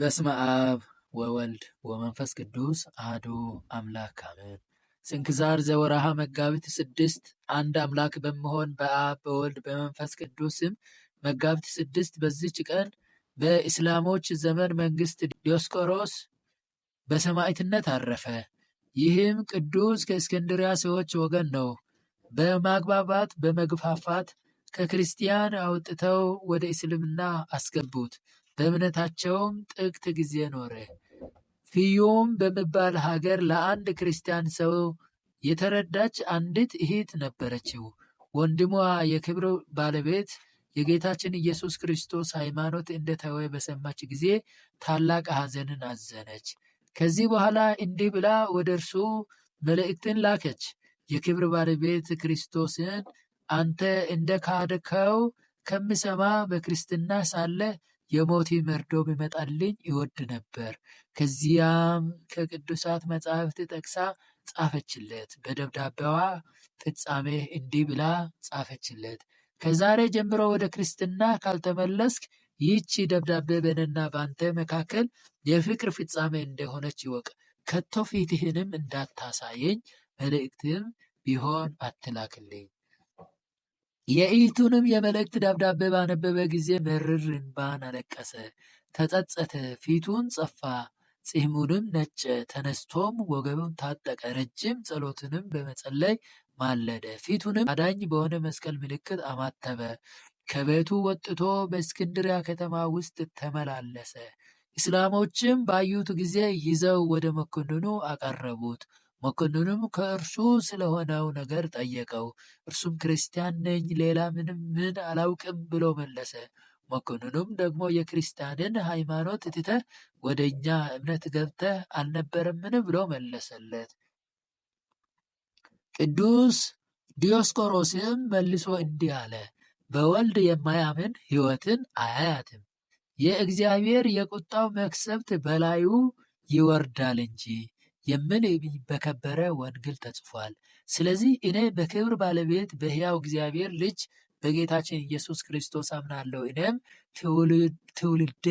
በስመ አብ ወወልድ ወመንፈስ ቅዱስ አሐዱ አምላክ አሜን። ስንክሳር ዘወርሃ መጋቢት ስድስት አንድ አምላክ በመሆን በአብ በወልድ በመንፈስ ቅዱስ መጋቢት ስድስት በዚች ቀን በእስላሞች ዘመን መንግስት ዲዮስቆሮስ በሰማዕትነት አረፈ። ይህም ቅዱስ ከእስክንድሪያ ሰዎች ወገን ነው። በማግባባት በመግፋፋት ከክርስቲያን አውጥተው ወደ እስልምና አስገቡት። በእምነታቸውም ጥቂት ጊዜ ኖረ። ፊዩም በመባል ሀገር ለአንድ ክርስቲያን ሰው የተረዳች አንዲት እህት ነበረችው። ወንድሟ የክብር ባለቤት የጌታችን ኢየሱስ ክርስቶስ ሃይማኖት እንደተወ በሰማች ጊዜ ታላቅ ሐዘንን አዘነች። ከዚህ በኋላ እንዲህ ብላ ወደ እርሱ መልእክትን ላከች። የክብር ባለቤት ክርስቶስን አንተ እንደ ካድከው ከምሰማ በክርስትና ሳለ የሞቴ መርዶ ቢመጣልኝ ይወድ ነበር። ከዚያም ከቅዱሳት መጻሕፍት ጠቅሳ ጻፈችለት። በደብዳቤዋ ፍጻሜ እንዲህ ብላ ጻፈችለት። ከዛሬ ጀምሮ ወደ ክርስትና ካልተመለስክ ይህቺ ደብዳቤ በእኔና በአንተ መካከል የፍቅር ፍጻሜ እንደሆነች ይወቅ። ከቶ ፊትህንም እንዳታሳየኝ መልእክትም ቢሆን አትላክልኝ። የኢቱንም የመልእክት ደብዳቤ ባነበበ ጊዜ መርር እንባን አለቀሰ፣ ተጸጸተ፣ ፊቱን ጸፋ፣ ጺሙንም ነጨ። ተነስቶም ወገቡን ታጠቀ፣ ረጅም ጸሎትንም በመጸለይ ማለደ። ፊቱንም አዳኝ በሆነ መስቀል ምልክት አማተበ። ከቤቱ ወጥቶ በእስክንድሪያ ከተማ ውስጥ ተመላለሰ። እስላሞችም ባዩት ጊዜ ይዘው ወደ መኮንኑ አቀረቡት። መኮንኑም ከእርሱ ስለሆነው ነገር ጠየቀው። እርሱም ክርስቲያን ነኝ፣ ሌላ ምንም ምን አላውቅም ብሎ መለሰ። መኮንኑም ደግሞ የክርስቲያንን ሃይማኖት ትተህ ወደ እኛ እምነት ገብተህ አልነበረምን ብሎ መለሰለት። ቅዱስ ዲዮስቆሮስም መልሶ እንዲህ አለ፣ በወልድ የማያምን ሕይወትን አያያትም፣ የእግዚአብሔር የቁጣው መክሰብት በላዩ ይወርዳል እንጂ የሚል በከበረ ወንጌል ተጽፏል። ስለዚህ እኔ በክብር ባለቤት በሕያው እግዚአብሔር ልጅ በጌታችን ኢየሱስ ክርስቶስ አምናለሁ። እኔም ትውልዴ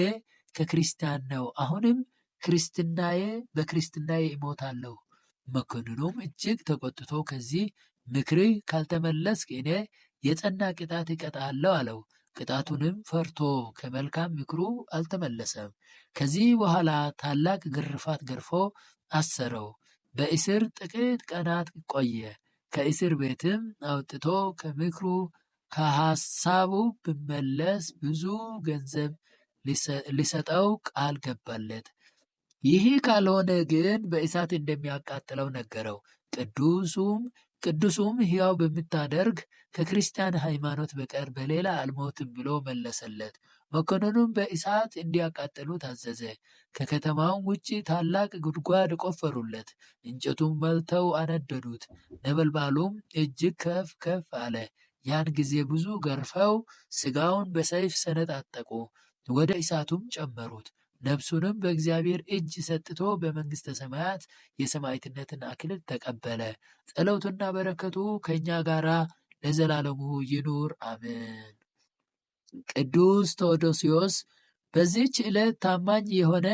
ከክርስቲያን ነው። አሁንም ክርስትናዬ በክርስትናዬ እሞታለሁ። መኮንኑም እጅግ ተቆጥቶ ከዚህ ምክር ካልተመለስክ እኔ የጸና ቅጣት እቀጣለሁ አለው። ቅጣቱንም ፈርቶ ከመልካም ምክሩ አልተመለሰም። ከዚህ በኋላ ታላቅ ግርፋት ገርፎ አሰረው። በእስር ጥቂት ቀናት ቆየ። ከእስር ቤትም አውጥቶ ከምክሩ ከሐሳቡ ብመለስ ብዙ ገንዘብ ሊሰጠው ቃል ገባለት። ይህ ካልሆነ ግን በእሳት እንደሚያቃጥለው ነገረው። ቅዱሱም ቅዱሱም ሕያው በምታደርግ ከክርስቲያን ሃይማኖት በቀር በሌላ አልሞትም ብሎ መለሰለት። መኮንኑም በእሳት እንዲያቃጥሉ ታዘዘ። ከከተማውም ውጭ ታላቅ ጉድጓድ ቆፈሩለት፣ እንጨቱም መልተው አነደዱት። ነበልባሉም እጅግ ከፍ ከፍ አለ። ያን ጊዜ ብዙ ገርፈው ሥጋውን በሰይፍ ሰነጣጠቁ፣ ወደ እሳቱም ጨመሩት። ነፍሱንም በእግዚአብሔር እጅ ሰጥቶ በመንግሥተ ሰማያት የሰማዕትነትን አክሊል ተቀበለ። ጸሎቱና በረከቱ ከእኛ ጋር ለዘላለሙ ይኑር አሜን። ቅዱስ ቴዎዶስዮስ በዚች ዕለት ታማኝ የሆነ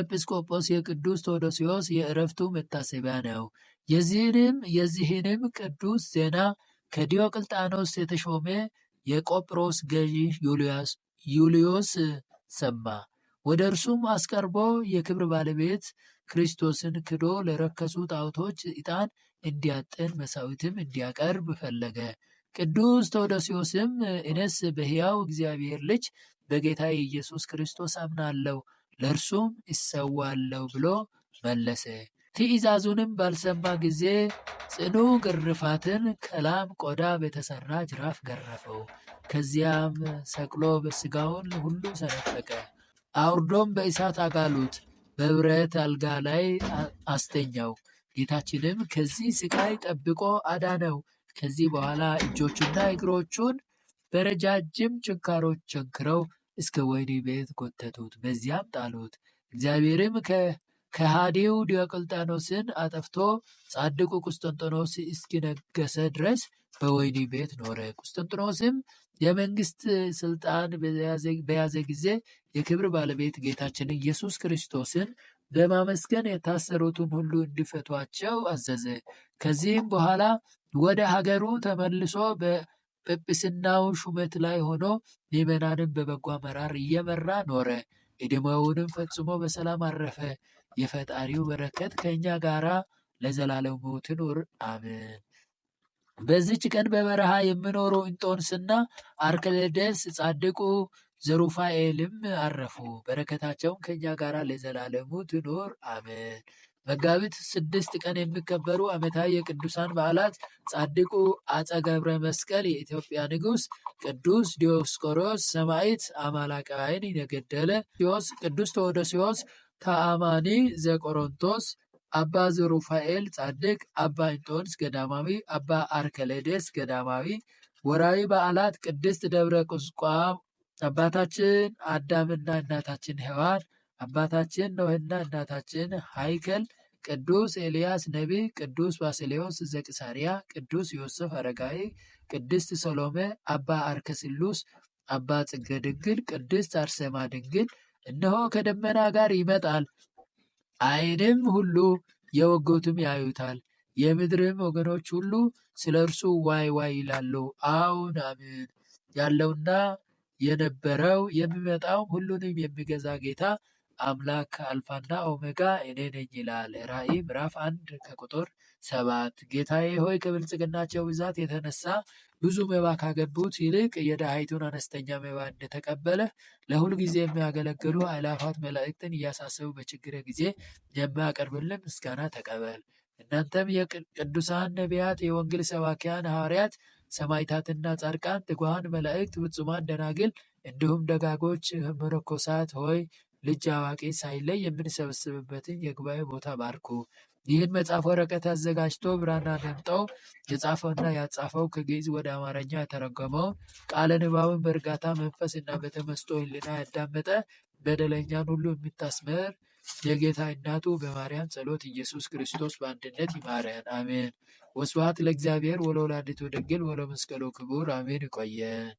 ኤጲስቆጶስ የቅዱስ ቴዎዶስዮስ የእረፍቱ መታሰቢያ ነው። የዚህንም የዚህንም ቅዱስ ዜና ከዲዮቅልጣኖስ የተሾመ የቆጵሮስ ገዢ ዩልዮስ ሰማ። ወደ እርሱም አስቀርቦ የክብር ባለቤት ክርስቶስን ክዶ ለረከሱ ጣዖቶች ዕጣን እንዲያጥን መሳዊትም እንዲያቀርብ ፈለገ። ቅዱስ ቴዎዶስዮስም እኔስ በሕያው እግዚአብሔር ልጅ በጌታ የኢየሱስ ክርስቶስ አምናለሁ፣ ለእርሱም እሰዋለሁ ብሎ መለሰ። ትእዛዙንም ባልሰማ ጊዜ ጽኑ ግርፋትን ከላም ቆዳ በተሠራ ጅራፍ ገረፈው። ከዚያም ሰቅሎ በስጋውን ሁሉ ሰነጠቀ። አውርዶም በእሳት አጋሉት፣ በብረት አልጋ ላይ አስተኛው። ጌታችንም ከዚህ ስቃይ ጠብቆ አዳነው። ከዚህ በኋላ እጆቹና እግሮቹን በረጃጅም ጭንካሮች ቸንክረው እስከ ወህኒ ቤት ጎተቱት፣ በዚያም ጣሉት። እግዚአብሔርም ከሃዲው ዲዮቅልጣኖስን አጠፍቶ ጻድቁ ቁስጥንጥኖስ እስኪነገሰ ድረስ በወህኒ ቤት ኖረ። ቁስጥንጥኖስም የመንግስት ስልጣን በያዘ ጊዜ የክብር ባለቤት ጌታችን ኢየሱስ ክርስቶስን በማመስገን የታሰሩትን ሁሉ እንዲፈቷቸው አዘዘ። ከዚህም በኋላ ወደ ሀገሩ ተመልሶ በጵጵስናው ሹመት ላይ ሆኖ ምዕመናንን በበጎ አመራር እየመራ ኖረ። ዕድሜውንም ፈጽሞ በሰላም አረፈ። የፈጣሪው በረከት ከእኛ ጋራ ለዘላለሙ ትኑር አምን። በዚች ቀን በበረሃ የሚኖሩ እንጦንስና አርክሌደስ ጻድቁ ዘሩፋኤልም አረፉ። በረከታቸውም ከእኛ ጋር ለዘላለሙ ትኖር አሜን። መጋቢት ስድስት ቀን የሚከበሩ ዓመታዊ የቅዱሳን በዓላት ጻድቁ አፄ ገብረ መስቀል የኢትዮጵያ ንጉሥ፣ ቅዱስ ዲዮስቆሮስ ሰማዕት አማላቃይን የገደለ፣ ቅዱስ ቴዎዶስዮስ ተአማኒ ዘቆሮንቶስ፣ አባ ዘሩፋኤል ጻድቅ፣ አባ እንጦንስ ገዳማዊ፣ አባ አርከሌዴስ ገዳማዊ። ወራዊ በዓላት ቅድስት ደብረ ቁስቋም አባታችን አዳምና እናታችን ሔዋን አባታችን ኖህና እናታችን ሃይከል ቅዱስ ኤልያስ ነቢይ፣ ቅዱስ ባስሌዎስ ዘቂሳርያ፣ ቅዱስ ዮሴፍ አረጋዊ፣ ቅድስት ሰሎሜ፣ አባ አርከስሉስ፣ አባ ጽጌ ድንግል፣ ቅድስት አርሴማ ድንግል እነሆ ከደመና ጋር ይመጣል፣ ዓይንም ሁሉ የወገቱም ያዩታል፣ የምድርም ወገኖች ሁሉ ስለ እርሱ ዋይ ዋይ ይላሉ። አዎን አሜን። ያለውና የነበረው የሚመጣው ሁሉንም የሚገዛ ጌታ አምላክ አልፋና ኦሜጋ እኔ ነኝ ይላል። ራእይ ምዕራፍ አንድ ከቁጥር ሰባት ጌታዬ ሆይ ከብልጽግናቸው ብዛት የተነሳ ብዙ መባ ካገቡት ይልቅ የድሃይቱን አነስተኛ መባ እንደተቀበለ ለሁል ጊዜ የሚያገለግሉ አእላፋት መላእክትን እያሳሰቡ በችግር ጊዜ የሚያቀርብልን ምስጋና ተቀበል። እናንተም የቅዱሳን ነቢያት፣ የወንጌል ሰባኪያን ሐዋርያት ሰማይታትና ጻድቃን፣ ትጓን መላእክት፣ ፍጹማን ደናግል እንዲሁም ደጋጎች መነኮሳት ሆይ ልጅ አዋቂ ሳይለይ የምንሰበስብበትን የጉባኤ ቦታ ባርኩ። ይህን መጽሐፍ ወረቀት አዘጋጅቶ ብራና ደምጠው የጻፈውና ያጻፈው ከግዕዝ ወደ አማርኛ የተረጎመው ቃለ ንባብን በእርጋታ መንፈስ እና በተመስጦ ህልና ያዳመጠ በደለኛን ሁሉ የሚታስምር የጌታ እናቱ በማርያም ጸሎት ኢየሱስ ክርስቶስ በአንድነት ይማረን፣ አሜን። ወስብሐት ለእግዚአብሔር ወለወላዲቱ ድንግል ወለመስቀሉ ክቡር አሜን። ይቆየን።